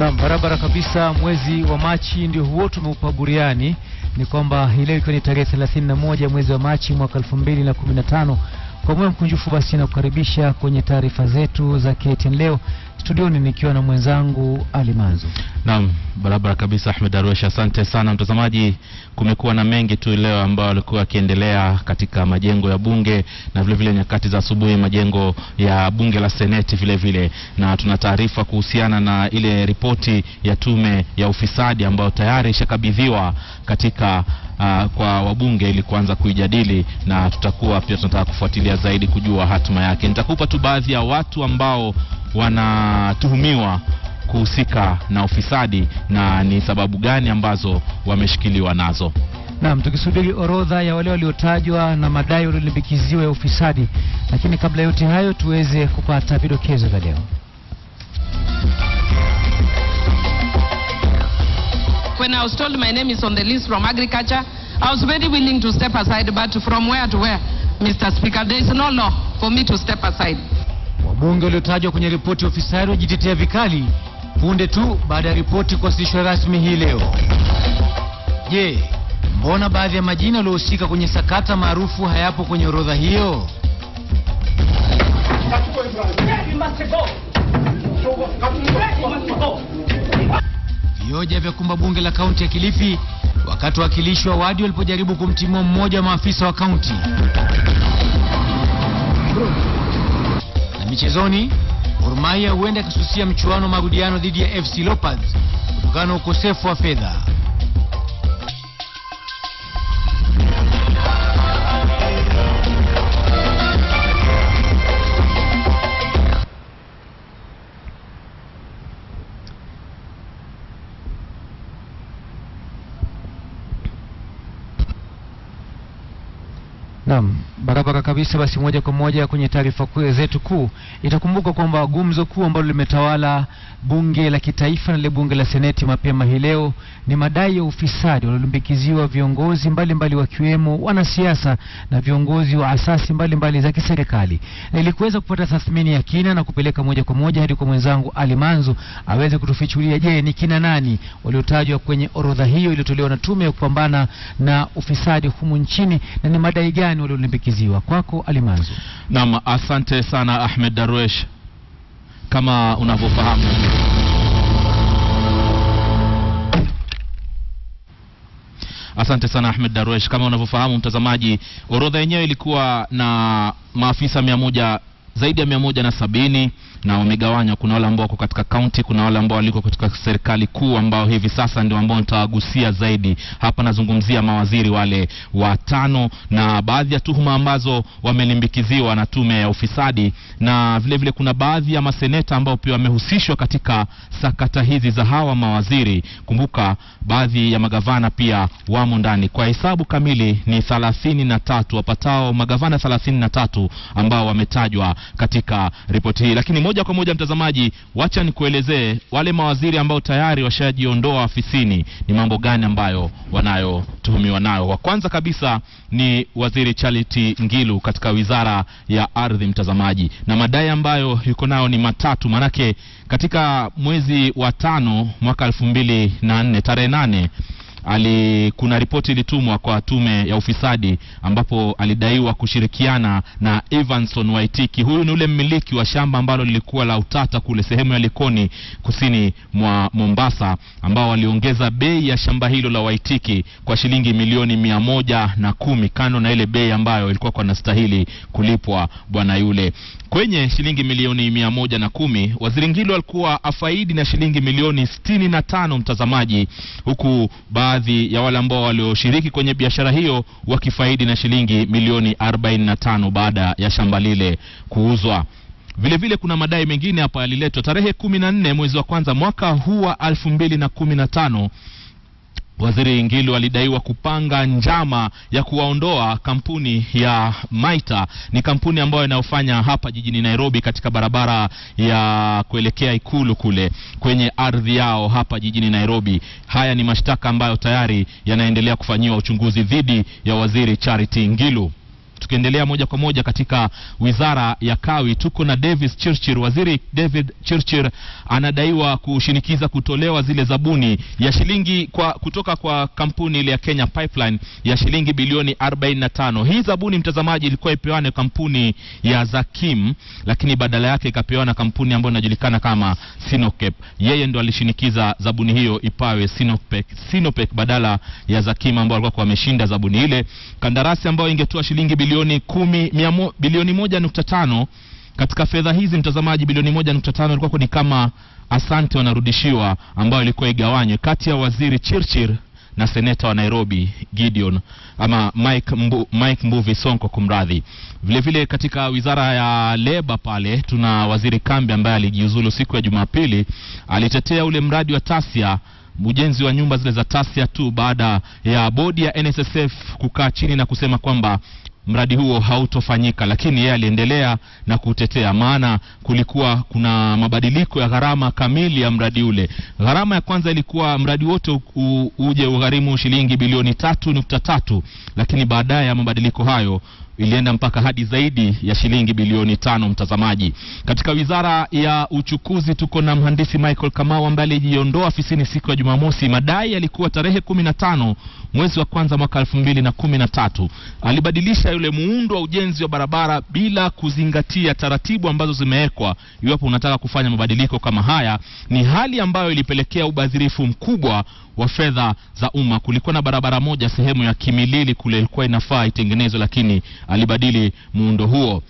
Naam, barabara kabisa. Mwezi wa Machi ndio huo tumeupa buriani. Ni kwamba hii leo ikiwa ni tarehe 31 mwezi wa Machi mwaka 2015 kwa moyo mkunjufu basi nakukaribisha kwenye taarifa zetu za KTN leo studioni nikiwa na mwenzangu Ali Manzo. Naam, barabara kabisa Ahmed Darwesh, asante sana mtazamaji. Kumekuwa na mengi tu leo ambayo alikuwa akiendelea katika majengo ya bunge na vile vile nyakati za asubuhi majengo ya bunge la seneti vile vile, na tuna taarifa kuhusiana na ile ripoti ya tume ya ufisadi ambayo tayari ishakabidhiwa katika uh, kwa wabunge ili kuanza kuijadili, na tutakuwa pia tunataka kufuatilia zaidi kujua hatima yake. Nitakupa tu baadhi ya watu ambao wanatuhumiwa kuhusika na ufisadi na ni sababu gani ambazo wameshikiliwa nazo. Naam, tukisubiri orodha ya wale waliotajwa na madai waliolimbikiziwa ya ufisadi, lakini kabla yote hayo tuweze kupata vidokezo vya leo. when I was told my name is on the list from agriculture, I was very willing to step aside, but from where to where, Mr. Speaker, there is no law for me to step aside. Wabunge waliotajwa kwenye ripoti ya ufisadi wajitetea vikali punde tu baada ya ripoti kuwasilishwa rasmi hii leo. Je, mbona baadhi ya majina yaliyohusika kwenye sakata maarufu hayapo kwenye orodha hiyo? Katuko Vioja vya kumba bunge la kaunti ya Kilifi wakati wakilishi wa wadi walipojaribu kumtimua mmoja wa maafisa wa kaunti. Na michezoni, Gor Mahia huenda akasusia mchuano wa marudiano dhidi ya FC Leopards kutokana na ukosefu wa fedha. kabisa basi moja kwa moja kwenye taarifa zetu kuu. Itakumbuka kwamba gumzo kuu ambalo limetawala bunge la kitaifa na lile bunge la seneti mapema hii leo ni madai ya ufisadi waliolimbikiziwa viongozi mbalimbali wakiwemo wanasiasa na viongozi wa asasi mbalimbali za kiserikali. kuweza kupata tathmini ya kina na kupeleka moja kwa moja hadi kwa mwenzangu Ali Manzu aweze kutufichulia, je, ni kina nani waliotajwa kwenye orodha hiyo iliyotolewa na tume ya kupambana na ufisadi humu nchini na ni madai gani waliolimbikiziwa kwako? kwako Alimanzu. Naam, asante sana Ahmed Darwesh. Kama unavyofahamu Asante sana Ahmed Darwesh. Kama unavyofahamu mtazamaji, orodha yenyewe ilikuwa na maafisa mia moja zaidi ya mia moja na sabini na wamegawanywa. Kuna wale ambao wako katika kaunti, kuna wale ambao waliko katika serikali kuu, ambao hivi sasa ndio ambao nitawagusia zaidi hapa. Nazungumzia mawaziri wale watano na baadhi ya tuhuma ambazo wamelimbikiziwa na tume ya ufisadi, na vile vile kuna baadhi ya maseneta ambao pia wamehusishwa katika sakata hizi za hawa mawaziri. Kumbuka baadhi ya magavana pia wamo ndani. Kwa hesabu kamili ni thelathini na tatu wapatao magavana thelathini na tatu ambao wametajwa katika ripoti hii, lakini moja kwa moja, mtazamaji, wacha nikuelezee wale mawaziri ambao tayari washajiondoa afisini ni mambo gani ambayo wanayotuhumiwa nayo. Wa kwanza kabisa ni waziri Charity Ngilu katika wizara ya ardhi, mtazamaji, na madai ambayo yuko nayo ni matatu, manake katika mwezi wa tano mwaka elfu mbili na nne tarehe nane ali, kuna ripoti ilitumwa kwa tume ya ufisadi ambapo alidaiwa kushirikiana na Evanson Waitiki. Huyu ni ule mmiliki wa shamba ambalo lilikuwa la utata kule sehemu ya Likoni kusini mwa Mombasa, ambao waliongeza bei ya shamba hilo la Waitiki kwa shilingi milioni mia moja na kumi kando na ile bei ambayo ilikuwa kwa nastahili kulipwa bwana yule kwenye shilingi milioni mia moja na kumi. Waziri Ngilo alikuwa afaidi na shilingi milioni sitini na tano mtazamaji, huku ba baadhi ya wale ambao walioshiriki kwenye biashara hiyo wakifaidi na shilingi milioni 45 baada ya shamba lile kuuzwa. Vilevile vile kuna madai mengine hapa yaliletwa tarehe 14 mwezi wa kwanza mwaka huu wa 2015 Waziri Ngilu alidaiwa kupanga njama ya kuwaondoa kampuni ya Maita. Ni kampuni ambayo inayofanya hapa jijini Nairobi, katika barabara ya kuelekea ikulu kule kwenye ardhi yao hapa jijini Nairobi. Haya ni mashtaka ambayo tayari yanaendelea kufanyiwa uchunguzi dhidi ya Waziri Charity Ngilu. Tukiendelea moja kwa moja katika wizara ya kawi, tuko na Davis Churchill. Waziri David Churchill anadaiwa kushinikiza kutolewa zile zabuni ya shilingi kwa, kutoka kwa kampuni ile ya Kenya Pipeline ya shilingi bilioni 45. Hii zabuni mtazamaji, ilikuwa ipewa na kampuni ya Zakim, lakini badala yake ikapewa na kampuni ambayo inajulikana kama Sinopec. Yeye ndo alishinikiza zabuni hiyo ipawe Sinopec, Sinopec badala ya Zakim ambao walikuwa wameshinda zabuni ile. Kandarasi ambayo ingetoa shilingi bilioni bilioni kumi mia bilioni moja nukta tano katika fedha hizi mtazamaji, bilioni moja nukta tano ilikuwa ni kama asante wanarudishiwa, ambayo ilikuwa igawanywe kati ya waziri Chirchir na seneta wa Nairobi Gideon ama Mike, Mbu, Mike Mbuvi Sonko, kumradhi. Vile vile katika wizara ya leba pale tuna waziri Kambi ambaye alijiuzulu siku ya Jumapili, alitetea ule mradi wa Tasia ujenzi wa nyumba zile za Tasia tu baada ya bodi ya NSSF kukaa chini na kusema kwamba mradi huo hautofanyika, lakini yeye aliendelea na kutetea, maana kulikuwa kuna mabadiliko ya gharama kamili ya mradi ule. Gharama ya kwanza ilikuwa mradi wote uje ugharimu shilingi bilioni tatu nukta tatu, lakini baadaye ya mabadiliko hayo ilienda mpaka hadi zaidi ya shilingi bilioni tano. Mtazamaji, katika wizara ya uchukuzi tuko na mhandisi Michael Kamau ambaye alijiondoa ofisini siku ya Jumamosi. Madai yalikuwa tarehe kumi na tano mwezi wa kwanza mwaka elfu mbili na kumi na tatu alibadilisha yule muundo wa ujenzi wa barabara bila kuzingatia taratibu ambazo zimewekwa. Iwapo unataka kufanya mabadiliko kama haya, ni hali ambayo ilipelekea ubadhirifu mkubwa wa fedha za umma. Kulikuwa na barabara moja sehemu ya Kimilili kule ilikuwa inafaa itengenezwe, lakini alibadili muundo huo.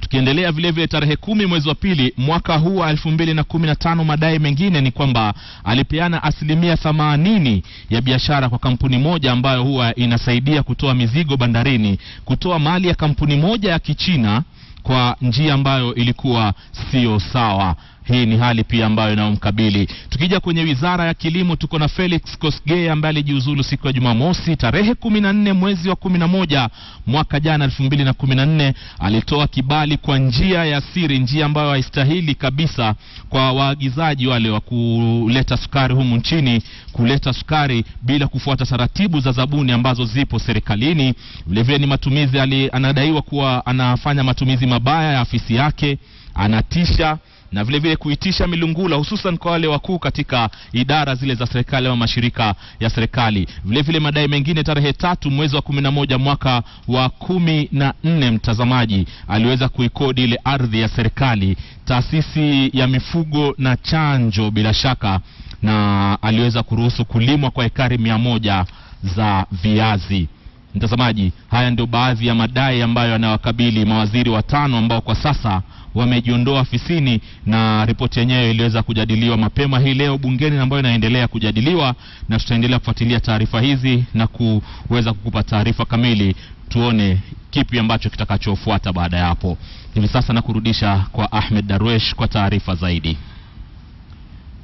Tukiendelea vile vile, tarehe kumi mwezi wa pili mwaka huu wa elfu mbili na kumi na tano, madai mengine ni kwamba alipeana asilimia themanini ya biashara kwa kampuni moja ambayo huwa inasaidia kutoa mizigo bandarini, kutoa mali ya kampuni moja ya Kichina kwa njia ambayo ilikuwa sio sawa. Hii ni hali pia ambayo inayomkabili. Tukija kwenye wizara ya kilimo, tuko na Felix Kosgei ambaye alijiuzulu siku ya Jumamosi tarehe kumi na nne mwezi wa kumi na moja mwaka jana elfu mbili na kumi na nne. Alitoa kibali kwa njia ya siri, njia ambayo haistahili kabisa kwa waagizaji wale wa kuleta sukari humu nchini, kuleta sukari bila kufuata taratibu za zabuni ambazo zipo serikalini. Vilevile ni matumizi ali, anadaiwa kuwa anafanya matumizi mabaya ya afisi yake, anatisha na vile vile kuitisha milungula hususan kwa wale wakuu katika idara zile za serikali ama mashirika ya serikali. Vile vile madai mengine, tarehe tatu mwezi wa kumi na moja mwaka wa kumi na nne mtazamaji aliweza kuikodi ile ardhi ya serikali, taasisi ya mifugo na chanjo, bila shaka na aliweza kuruhusu kulimwa kwa ekari mia moja za viazi. Mtazamaji, haya ndio baadhi ya madai ambayo yanawakabili mawaziri watano ambao kwa sasa wamejiondoa ofisini, na ripoti yenyewe iliweza kujadiliwa mapema hii leo bungeni ambayo inaendelea kujadiliwa, na tutaendelea kufuatilia taarifa hizi na kuweza kukupa taarifa kamili, tuone kipi ambacho kitakachofuata baada ya hapo. Hivi sasa nakurudisha kwa Ahmed Darwesh kwa taarifa zaidi.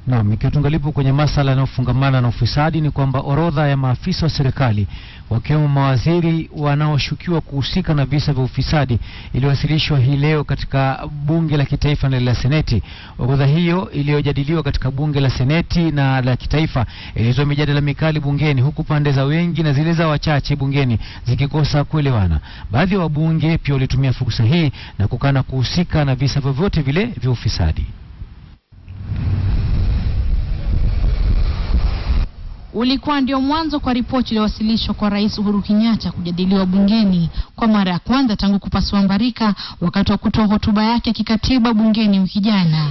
Naam, ikiwa tungalipo kwenye masala yanayofungamana na ufisadi ni kwamba orodha ya maafisa wa serikali wakiwemo mawaziri wanaoshukiwa kuhusika na visa vya ufisadi iliwasilishwa hii leo katika bunge la kitaifa na la seneti. Orodha hiyo iliyojadiliwa katika bunge la seneti na la kitaifa ilizua mijadala mikali bungeni, huku pande za wengi na zile za wachache bungeni zikikosa kuelewana. Baadhi ya wabunge pia walitumia fursa hii na kukana kuhusika na visa vyovyote vile vya ufisadi. ulikuwa ndio mwanzo kwa ripoti iliyowasilishwa kwa Rais Uhuru Kenyatta kujadiliwa bungeni kwa mara ya kwanza tangu kupasua mbarika wakati wa kutoa hotuba yake kikatiba bungeni wiki jana.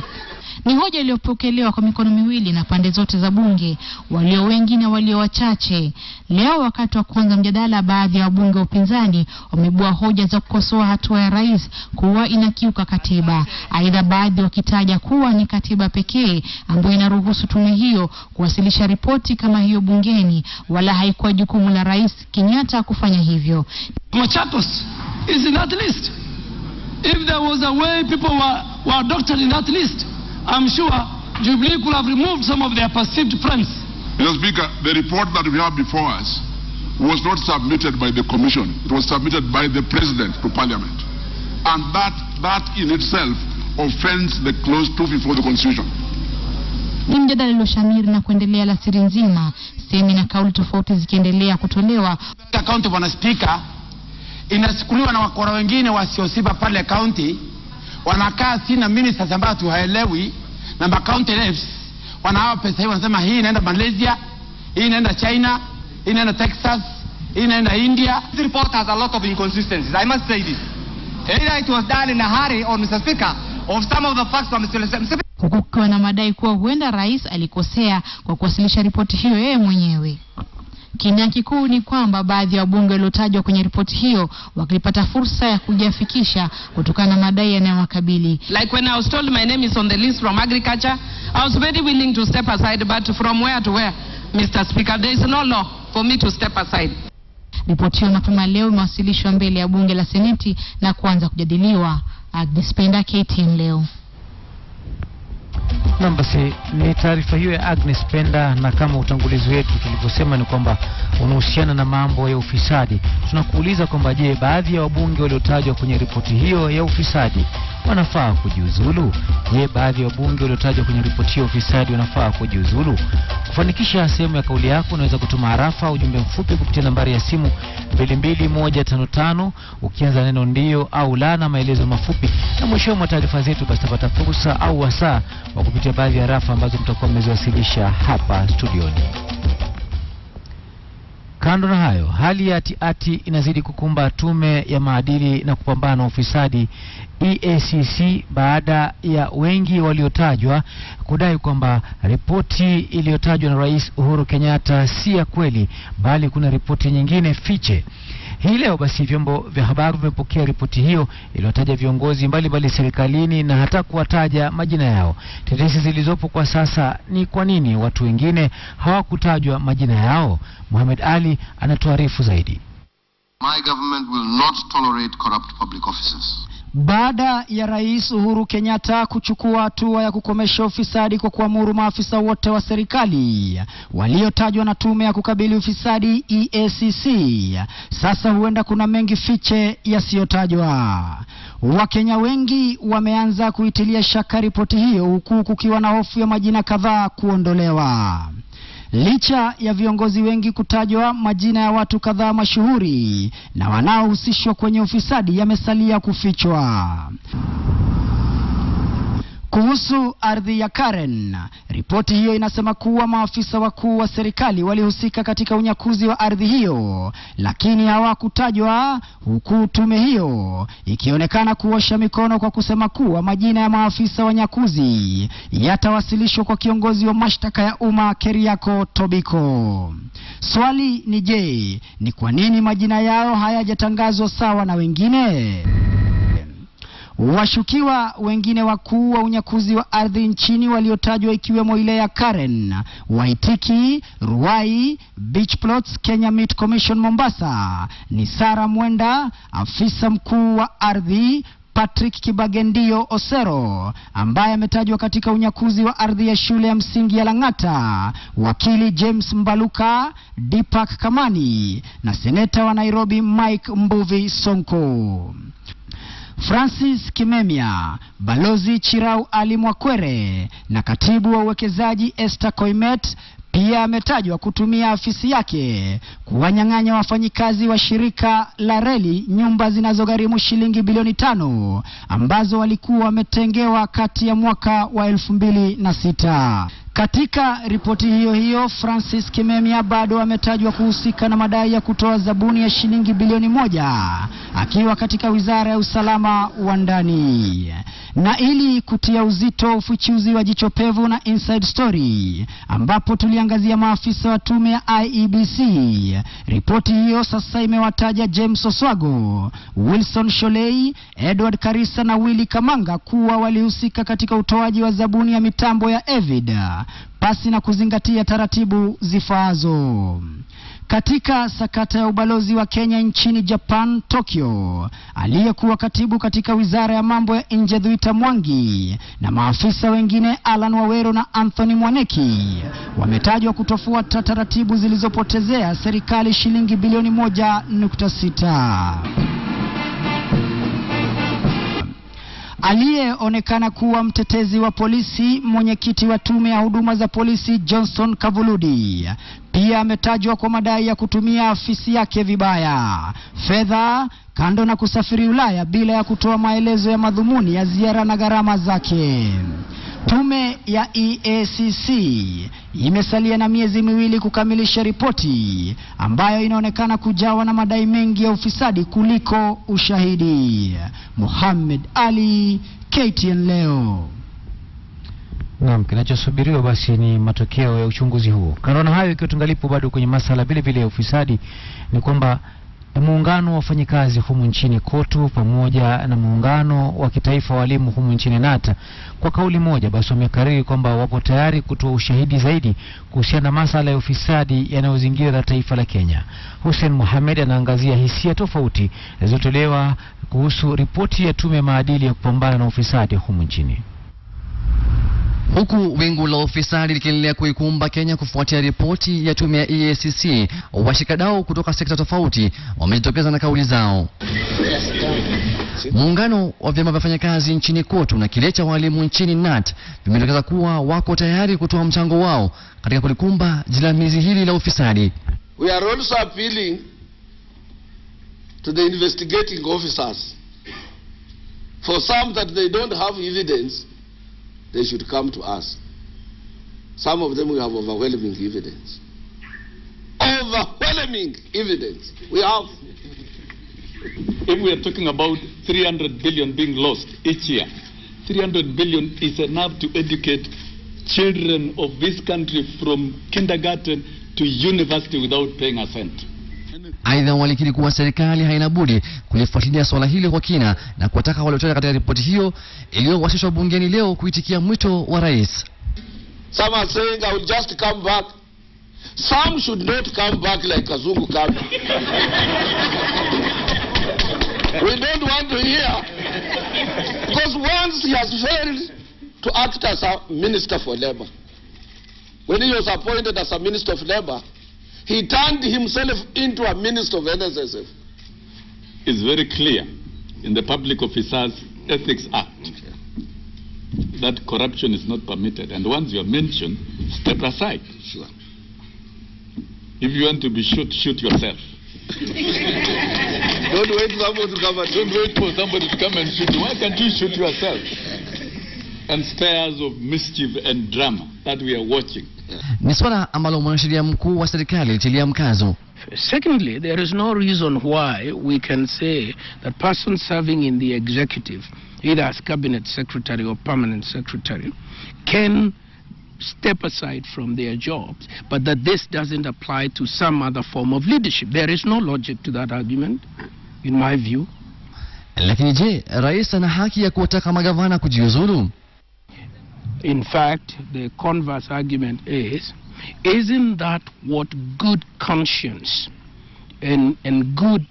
Ni hoja iliyopokelewa kwa mikono miwili na pande zote za bunge, walio wengi na walio wachache. Leo wakati wa kuanza mjadala, baadhi ya wabunge wa upinzani wameibua hoja za kukosoa hatua ya rais kuwa inakiuka katiba. Aidha, baadhi wakitaja kuwa ni katiba pekee ambayo inaruhusu tume hiyo kuwasilisha ripoti kama hiyo bungeni, wala haikuwa jukumu la rais Kenyatta kufanya hivyo. Machakos is in that list. If there was a way people were, were adopted in that list. I'm sure Jubilee could have removed some of their perceived friends. Mr. Speaker, the report that we have before us was not submitted by the Commission. It was submitted by the President to Parliament. And that, that in itself offends the close proof before the Constitution. Ni mjadala ulioshamiri na kuendelea la siri nzima, semi na kauli tofauti zikiendelea kutolewa. Bwana Spika, inasukuliwa na wakora wengine wasiosiba pale kaunti, wanakaa sina ministers tuhaelewi na makaunti reps wanawa pesa hii, wanasema hii inaenda Malaysia, hii inaenda China, hii inaenda Texas, hii inaenda India. This report has a lot of inconsistencies, I must say this. Either it was done in a hurry or Mr. Speaker, of some of the facts were misunderstood huku kukiwa na madai kuwa huenda rais alikosea kwa kuwasilisha ripoti hiyo yeye mwenyewe. Kimya kikuu ni kwamba baadhi ya wabunge waliotajwa kwenye ripoti hiyo wakilipata fursa ya kujiafikisha kutokana na madai yanayowakabili. Like when I was told my name is on the list from agriculture, I was very willing to step aside, but from where to where, Mr. Speaker, there is no law for me to step aside. Ripoti hiyo mapema leo imewasilishwa mbele ya bunge la Seneti na kuanza kujadiliwa. Agnes Penda, KTN leo. Nam, basi ni taarifa hiyo ya Agnes Penda, na kama utangulizi wetu tulivyosema ni kwamba unahusiana na mambo ya ufisadi. Tunakuuliza kwamba je, baadhi ya wabunge waliotajwa kwenye ripoti hiyo ya ufisadi wanafaa kujiuzulu? Je, baadhi ya wabunge waliotajwa kwenye ripoti ya ufisadi wanafaa kujiuzulu? Kufanikisha sehemu ya kauli yako, unaweza kutuma arafa au ujumbe mfupi kupitia nambari ya simu 22155 ukianza neno ndio au la na maelezo mafupi, na mwishoni mwa taarifa zetu basi tapata fursa au wasaa wa kupitia baadhi ya arafa ambazo mtakuwa mmeziwasilisha hapa studioni. Kando na hayo, hali ya tiati inazidi kukumba tume ya maadili na kupambana na ufisadi EACC baada ya wengi waliotajwa kudai kwamba ripoti iliyotajwa na Rais Uhuru Kenyatta si ya kweli, bali kuna ripoti nyingine fiche hii leo basi vyombo vya habari vimepokea ripoti hiyo iliyotaja viongozi mbalimbali serikalini na hata kuwataja majina yao. Tetesi zilizopo kwa sasa ni kwa nini watu wengine hawakutajwa majina yao. Mohamed Ali anatuarifu zaidi. My government will not tolerate corrupt public officers. Baada ya Rais Uhuru Kenyatta kuchukua hatua ya kukomesha ufisadi kwa kuamuru maafisa wote wa serikali waliotajwa na tume ya kukabili ufisadi EACC, sasa huenda kuna mengi fiche yasiyotajwa. Wakenya wengi wameanza kuitilia shaka ripoti hiyo, huku kukiwa na hofu ya majina kadhaa kuondolewa. Licha ya viongozi wengi kutajwa majina ya watu kadhaa mashuhuri na wanaohusishwa kwenye ufisadi yamesalia kufichwa. Kuhusu ardhi ya Karen, ripoti hiyo inasema kuwa maafisa wakuu wa serikali walihusika katika unyakuzi wa ardhi hiyo, lakini hawakutajwa, huku tume hiyo ikionekana kuosha mikono kwa kusema kuwa majina ya maafisa wanyakuzi yatawasilishwa kwa kiongozi wa mashtaka ya umma Keriako Tobiko. Swali ni je, ni kwa nini majina yao hayajatangazwa sawa na wengine? Washukiwa wengine wakuu wa unyakuzi wa ardhi nchini waliotajwa ikiwemo ile ya Karen Waitiki, Ruai, Beach Plots, Kenya Meat Commission Mombasa ni Sara Mwenda, afisa mkuu wa ardhi Patrick Kibagendio Osero ambaye ametajwa katika unyakuzi wa ardhi ya shule ya msingi ya Lang'ata, wakili James Mbaluka, Deepak Kamani na seneta wa Nairobi Mike Mbuvi Sonko. Francis Kimemia, Balozi Chirau Ali Mwakwere na Katibu wa Uwekezaji Esther Koimet pia ametajwa kutumia afisi yake kuwanyang'anya wafanyikazi wa shirika la reli nyumba zinazogharimu shilingi bilioni tano ambazo walikuwa wametengewa kati ya mwaka wa elfu mbili na sita. Katika ripoti hiyo hiyo, Francis Kimemia bado ametajwa kuhusika na madai ya kutoa zabuni ya shilingi bilioni moja akiwa katika Wizara ya Usalama wa Ndani. Na ili kutia uzito ufichuzi wa Jicho Pevu na Inside Story, ambapo tuliangazia maafisa wa tume ya IEBC, ripoti hiyo sasa imewataja James Oswago, Wilson Sholei, Edward Karisa na Willy Kamanga kuwa walihusika katika utoaji wa zabuni ya mitambo ya Evid pasi na kuzingatia taratibu zifaazo. Katika sakata ya ubalozi wa Kenya nchini Japan Tokyo, aliyekuwa katibu katika wizara ya mambo ya nje Dhuita Mwangi na maafisa wengine Alan Wawero na Anthony Mwaneki wametajwa kutofuata taratibu zilizopotezea serikali shilingi bilioni moja nukta sita. Aliyeonekana kuwa mtetezi wa polisi, mwenyekiti wa tume ya huduma za polisi Johnson Kavuludi pia ametajwa kwa madai ya kutumia afisi yake vibaya, fedha kando na kusafiri Ulaya bila ya kutoa maelezo ya madhumuni ya ziara na gharama zake. Tume ya EACC imesalia na miezi miwili kukamilisha ripoti ambayo inaonekana kujawa na madai mengi ya ufisadi kuliko ushahidi. Mohamed Ali, KTN leo. Naam, kinachosubiriwa basi ni matokeo ya uchunguzi huo. Kando na hayo, ikiwa tungalipo bado kwenye masala vile vile ya ufisadi, ni kwamba Muungano wa wafanyikazi humu nchini KOTU pamoja na muungano wa kitaifa walimu humu nchini NATA kwa kauli moja basi wamekariri kwamba wapo tayari kutoa ushahidi zaidi kuhusiana na masala ya ufisadi yanayozingira taifa la Kenya. Hussein Mohamed anaangazia hisia tofauti zilizotolewa kuhusu ripoti ya tume ya maadili ya kupambana na ufisadi humu nchini. Huku wingu la ufisadi likiendelea kuikumba Kenya kufuatia ripoti ya tume ya EACC, washikadau kutoka sekta tofauti wamejitokeza na kauli zao. Muungano wa vyama vya wafanyakazi nchini KOTU na kile cha walimu nchini NAT vimetokeza kuwa wako tayari kutoa mchango wao katika kulikumba mizi hili la ufisadi. We are also appealing to the investigating officers for some that they don't have evidence they should come to us. Some of them we have overwhelming evidence. Overwhelming evidence we have. If we are talking about 300 billion being lost each year, 300 billion is enough to educate children of this country from kindergarten to university without paying a cent. Aidha, walikiri kuwa serikali haina budi kulifuatilia swala hili kwa kina na kuwataka waliotaja katika ripoti hiyo iliyowasilishwa bungeni leo kuitikia mwito wa rais. Some saying I will just come back. Some should not come back like Kazungu come. We don't want to hear. Because once he has failed to act as a minister for labor, when he was appointed as a minister of labor, He turned himself into a minister of NSSF. It's very clear in the Public Officers Ethics Act okay. that corruption is not permitted. And once you are mentioned, step aside. Sure. If you want to be shoot, shoot yourself. Don't wait for to come and don't wait for somebody to come and shoot you. Why can't you shoot yourself? And spares of mischief and drama that we are watching Ni swala ambalo mwanasheria mkuu wa serikali alitilia mkazo. Secondly, there is no reason why we can say that person serving in the executive either as cabinet secretary or permanent secretary can step aside from their jobs, but that this doesn't apply to some other form of leadership. There is no logic to that argument, in my view. Lakini je, rais ana haki ya kuwataka magavana kujiuzulu? In fact, the converse argument is isn't that what good conscience and, and good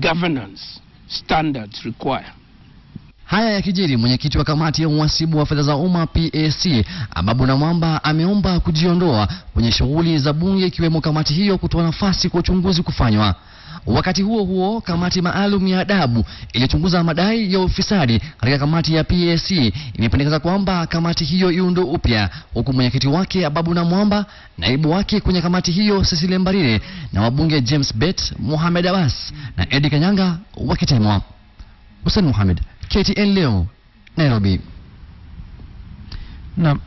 governance standards require? Haya ya kijiri, mwenyekiti wa kamati ya uhasibu wa fedha za umma PAC Amabuna Mwamba ameomba kujiondoa kwenye shughuli za bunge ikiwemo kamati hiyo kutoa nafasi kwa uchunguzi kufanywa. Wakati huo huo, kamati maalum ya adabu iliyochunguza madai ya ufisadi katika kamati ya PAC imependekeza kwamba kamati hiyo iundwe upya, huku mwenyekiti wake Ababu Namwamba, naibu wake kwenye kamati hiyo Cecile Mbarire na wabunge James Bet, Mohamed Abbas na Eddie Kanyanga wakitemwa. Hussein Mohamed, KTN leo, Nairobi. Naam.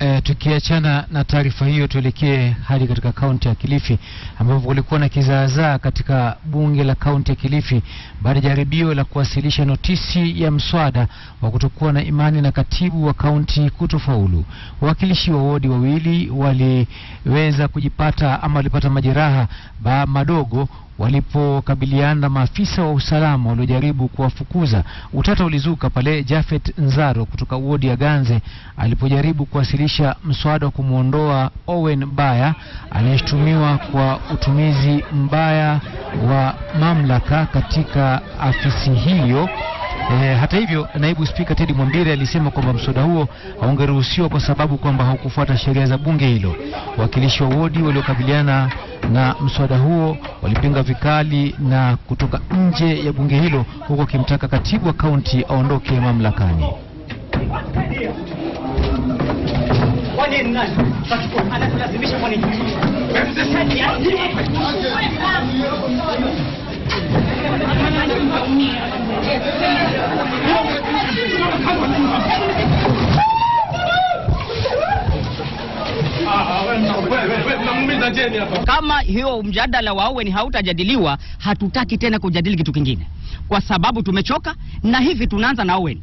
Eh, tukiachana na taarifa hiyo tuelekee hadi katika kaunti ya Kilifi ambapo kulikuwa na kizaazaa katika bunge la kaunti ya Kilifi baada ya jaribio la kuwasilisha notisi ya mswada wa kutokuwa na imani na katibu wa kaunti kutofaulu. Wawakilishi wa wodi wawili waliweza kujipata ama walipata majeraha ba madogo walipokabiliana maafisa wa usalama waliojaribu kuwafukuza. Utata ulizuka pale Jafet Nzaro kutoka wodi ya Ganze alipojaribu kuwasilisha mswada wa kumwondoa Owen Baya anayeshutumiwa kwa utumizi mbaya wa mamlaka katika afisi hiyo. E, hata hivyo naibu spika Teddy Mwambire alisema kwamba mswada huo haungeruhusiwa kwa sababu kwamba haukufuata sheria za bunge hilo. Wakilishi wa wodi waliokabiliana na mswada huo walipinga vikali na kutoka nje ya bunge hilo, huku akimtaka katibu wa kaunti aondoke mamlakani. Sikilizeni hapa. Kama hiyo mjadala wa Owen hautajadiliwa, hatutaki tena kujadili kitu kingine, kwa sababu tumechoka na hivi. Tunaanza na Owen,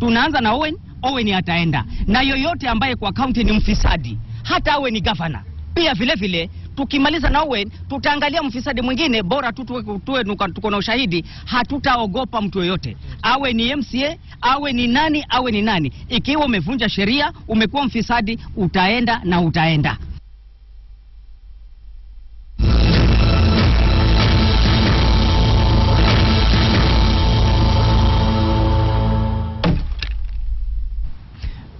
tunaanza na Owen. Owen ataenda na yoyote ambaye kwa kaunti ni mfisadi, hata awe ni gavana pia vile vile. Tukimaliza na Owen, tutaangalia mfisadi mwingine, bora tu tuwe tuko na ushahidi. Hatutaogopa mtu yoyote, awe ni MCA, awe ni nani, awe ni nani. Ikiwa umevunja sheria, umekuwa mfisadi, utaenda na utaenda.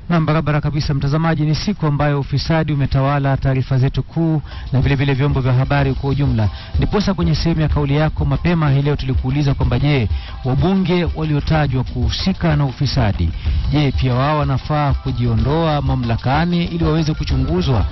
Nam, barabara kabisa mtazamaji, ni siku ambayo ufisadi umetawala taarifa zetu kuu na vile vile vyombo vya habari kwa ujumla. Ndiposa kwenye sehemu ya kauli yako mapema hii leo tulikuuliza kwamba je, wabunge waliotajwa kuhusika na ufisadi, je, pia wao wanafaa kujiondoa mamlakani ili waweze kuchunguzwa?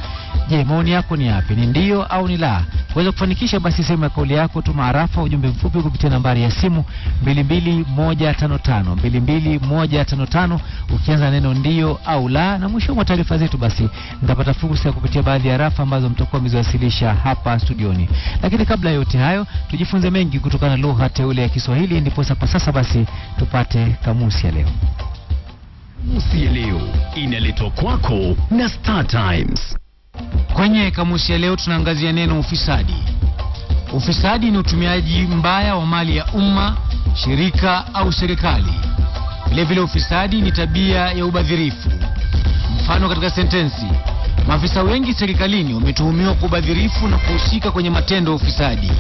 Je, maoni yako ni yapi? Ni ndio au ni la? Kuweza kufanikisha basi sehemu ya kauli yako, tuma arafa ujumbe mfupi kupitia nambari ya simu 22155 22155 ukianza neno ndio au la. Na mwisho wa taarifa zetu, basi mtapata fursa ya kupitia baadhi ya rafa ambazo mtakuwa mmeziwasilisha hapa studioni. Lakini kabla ya yote hayo, tujifunze mengi kutokana na lugha teule ya Kiswahili, ndiposa kwa sasa basi tupate kamusi ya leo. Kamusi ya leo inaletwa kwako na Star Times. Kwenye kamusi ya leo tunaangazia neno ufisadi. Ufisadi ni utumiaji mbaya wa mali ya umma, shirika au serikali vile ufisadi ni tabia ya ubadhirifu. Mfano katika sentensi, maafisa wengi serikalini wametuhumiwa kwa ubadhirifu na kuhusika kwenye matendo ya ufisadi.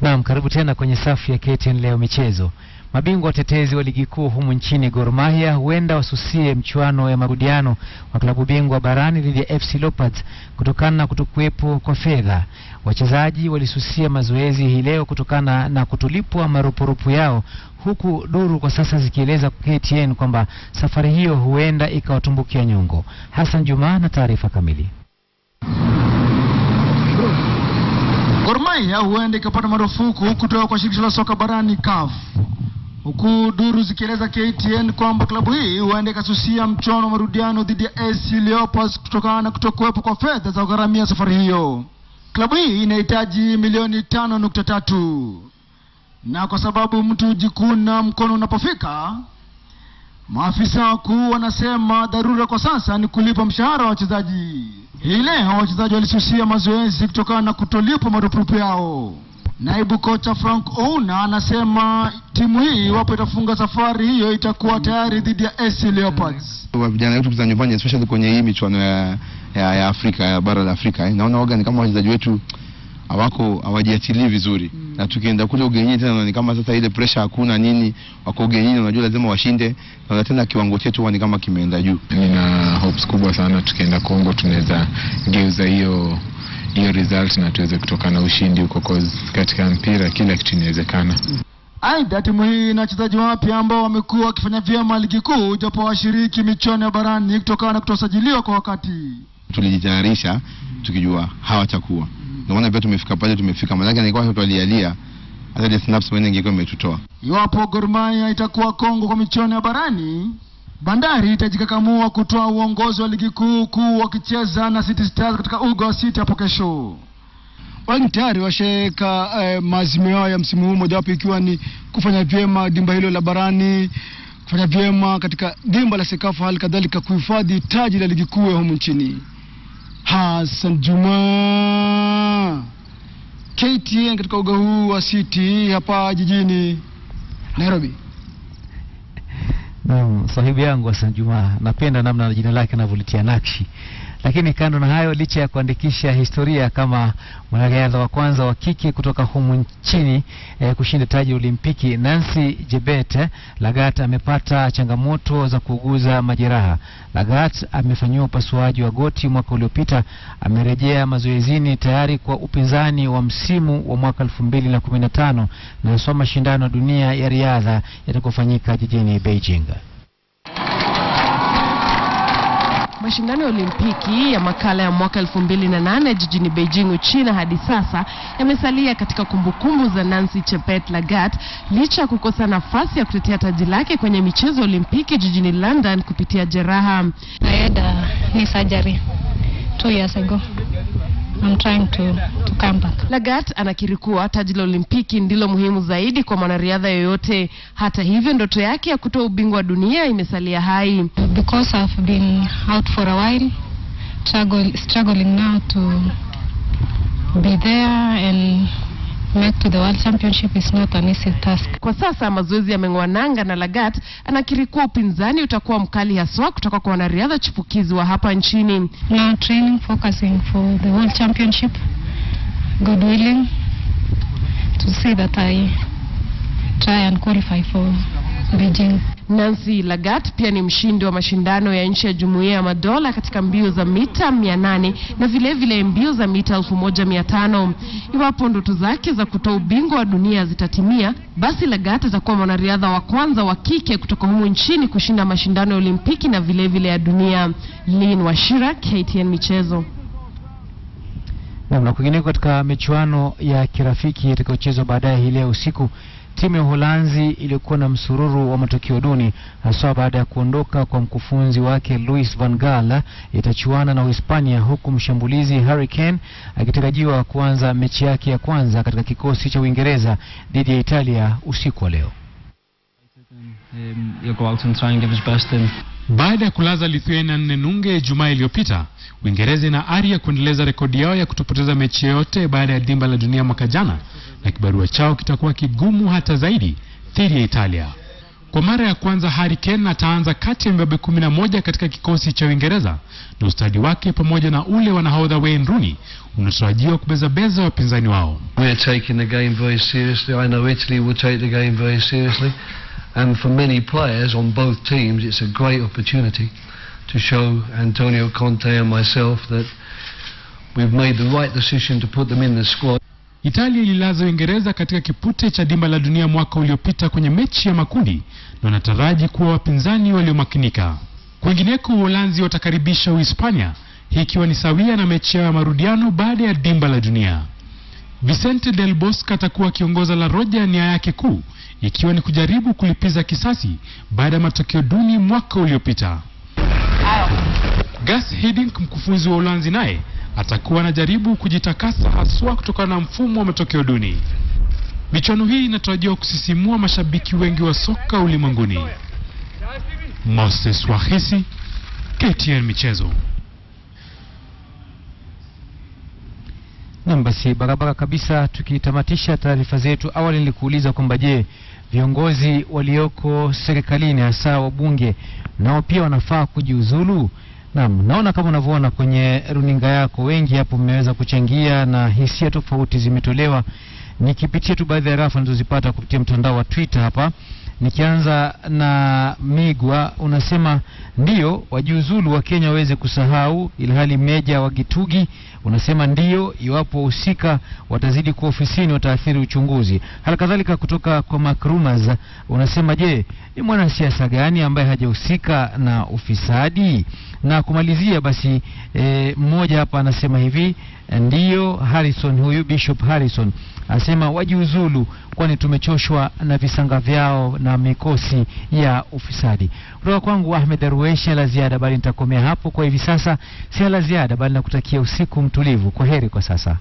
Naam, karibu tena kwenye safu ya KTN leo michezo. Mabingwa watetezi wa ligi kuu humu nchini Gor Mahia huenda wasusie mchuano ya marudiano wa klabu bingwa barani dhidi ya FC Leopards kutokana na kutokuwepo kwa fedha. Wachezaji walisusia mazoezi hii leo kutokana na kutolipwa marupurupu yao, huku duru kwa sasa zikieleza KTN kwamba safari hiyo huenda ikawatumbukia nyongo. Hassan Juma na taarifa kamili. Gor Mahia huenda ikapata marufuku kutoka kwa shirikisho la soka barani CAF, huku duru zikieleza KTN kwamba klabu hii huenda ikasusia mchuano wa marudiano dhidi ya AC Leopards kutokana na kutokuwepo kwa fedha za kugharamia safari hiyo. Klabu hii inahitaji milioni tano nukta tatu na kwa sababu mtu hujikuna mkono unapofika Maafisa wakuu wanasema dharura kwa sasa ni kulipa mshahara wa wachezaji. Hii leo wachezaji walisusia mazoezi kutokana na kutolipwa marupurupu yao. Naibu kocha Frank Ouna anasema timu hii iwapo itafunga safari hiyo itakuwa tayari dhidi ya AC Leopards. Vijana wetu kucheza nyumbani especially kwenye hii michuano ya, ya, ya Afrika ya bara la Afrika eh, naona waga ni kama wachezaji wetu hawako hawajiachilie vizuri mm. na tukienda kule ugenini tena ni kama sasa ile pressure hakuna nini, wako ugenini, unajua lazima washinde, na tena kiwango chetu ni kama kimeenda juu. Nina hopes kubwa sana tukienda Kongo tunaweza geuza hiyo hiyo result na tuweze kutoka na ushindi huko, cause katika mpira kila kitu inawezekana. Aidha, timu hii ina wachezaji wapya ambao wamekuwa wakifanya vyema ligi kuu, japo washiriki michuano ya barani kutokana na kutosajiliwa kwa wakati. Tulijitayarisha tukijua hawatakuwa ndio maana pia tumefika pale tumefika, maanake ningekuwa watu walialia hata ile snaps wengi ingekuwa imetutoa. Iwapo Gor Mahia itakuwa Kongo kwa michuano ya barani Bandari itajikakamua kutoa uongozi wa ligi kuu kuu wakicheza na City Stars katika uga wa City hapo kesho. Wengi tayari washaweka eh, maazimio yao ya msimu huu, mojawapo ikiwa ni kufanya vyema dimba hilo la barani, kufanya vyema katika dimba la Sekafa, hali kadhalika kuhifadhi taji la ligi kuu ya humu nchini. Hassan Juma, KTN katika uga huu wa City hapa jijini Nairobi. Naam, sahibu yangu Hassan Juma, napenda namna jina lake anavyolitia nakshi. Lakini kando na hayo, licha ya kuandikisha historia kama mwanariadha wa kwanza wa kike kutoka humu nchini eh, kushinda taji Olimpiki, Nancy Jebet eh, Lagat amepata changamoto za kuuguza majeraha. Lagat amefanyiwa upasuaji wa goti mwaka uliopita, amerejea mazoezini tayari kwa upinzani wa msimu wa mwaka 2015 na nasoma mashindano ya dunia ya riadha yatakofanyika jijini Beijing. Mashindano ya Olimpiki ya makala ya mwaka 2008 jijini Beijing, Uchina hadi sasa yamesalia katika kumbukumbu za Nancy Chepet Lagat licha ya kukosa nafasi ya kutetea taji lake kwenye michezo ya Olimpiki jijini London kupitia jeraha. I had a knee surgery two years ago. I'm trying to, to come back. Lagat anakiri kuwa taji la Olimpiki ndilo muhimu zaidi kwa mwanariadha yoyote. Hata hivyo, ndoto yake ya kutoa ubingwa wa dunia imesalia hai. Because I've been out for a while, struggle, struggling now to be there and back to the World Championship is not an easy task. Kwa sasa mazoezi yameng'oa nanga na Lagat anakiri kuwa upinzani utakuwa mkali haswa kutoka kwa wanariadha chipukizi wa hapa nchini. Now training focusing for the World Championship. God willing to that I try and qualify for Beijing. Nancy Lagat pia ni mshindi wa mashindano ya nchi ya Jumuiya ya Madola katika mbio za mita 800 na vilevile vile mbio za mita 1500. Iwapo ndoto zake za kutoa ubingwa wa dunia zitatimia, basi Lagat atakuwa mwanariadha wa kwanza wa kike kutoka humu nchini kushinda mashindano ya Olimpiki na vilevile vile ya dunia. Lin Washira, KTN Michezo. Na kwingineko katika michuano ya kirafiki itakayochezwa baadaye hii leo usiku Timu ya Uholanzi ilikuwa na msururu wa matokeo duni haswa baada ya kuondoka kwa mkufunzi wake Luis van Gaal, itachuana na Uhispania huku mshambulizi Harry Kane akitarajiwa kuanza mechi yake ya kwanza katika kikosi cha Uingereza dhidi ya Italia usiku wa leo. Baada ya kulaza Lithuania nne nunge Ijumaa iliyopita, Uingereza ina ari ya kuendeleza rekodi yao ya kutopoteza mechi yoyote baada ya dimba la dunia mwaka jana na kibarua chao kitakuwa kigumu hata zaidi dhidi ya Italia. Kwa mara ya kwanza Harry Kane ataanza kati ya mbabe kumi na moja katika kikosi cha Uingereza na ustadi wake pamoja na ule wa nahodha Wayne Rooney unatarajiwa kubezabeza wapinzani wao. We are taking the game very seriously. I know Italy will take the game very seriously. And for many players on both teams it's a great opportunity to show Antonio Conte and myself that we've made the right decision to put them in the squad. Italia ililaza Uingereza katika kipute cha dimba la dunia mwaka uliopita kwenye mechi ya makundi na wanataraji kuwa wapinzani waliomakinika. Kwingineko, Uholanzi watakaribisha Uhispania, hii ikiwa ni sawia na mechi yao ya marudiano baada ya dimba la dunia. Vicente Del Bosque atakuwa akiongoza La Roja, nia yake kuu ikiwa ni kujaribu kulipiza kisasi baada ya matokeo duni mwaka uliopita. Gas Hiddink, mkufunzi wa Uholanzi, naye atakuwa anajaribu kujitakasa haswa kutokana na mfumo wa matokeo duni. Michuano hii inatarajiwa kusisimua mashabiki wengi wa soka ulimwenguni. Moses Wahisi, KTN Michezo. Nam, basi barabara kabisa. Tukitamatisha taarifa zetu, awali nilikuuliza kwamba je, viongozi walioko serikalini hasa wabunge nao pia wanafaa kujiuzulu? Naam, naona kama unavyoona kwenye runinga yako, wengi hapo mmeweza kuchangia na hisia tofauti zimetolewa. Nikipitia tu baadhi ya rafu nilizozipata kupitia mtandao wa Twitter hapa. Nikianza na Migwa, unasema ndio wajiuzulu wa Kenya waweze kusahau, ilhali Meja wa Gitugi unasema ndio iwapo wahusika watazidi kuwa ofisini wataathiri uchunguzi. Hali kadhalika kutoka kwa Macrumas unasema je, ni mwanasiasa gani ambaye hajahusika na ufisadi? Na kumalizia basi, e, mmoja hapa anasema hivi ndiyo Harrison huyu Bishop Harrison asema wajiuzulu, kwani tumechoshwa na visanga vyao na mikosi ya ufisadi. Kutoka kwangu Ahmed Darwesh, la ziada bali nitakomea hapo kwa hivi sasa, si la ziada bali nakutakia usiku mtulivu. Kwa heri kwa sasa.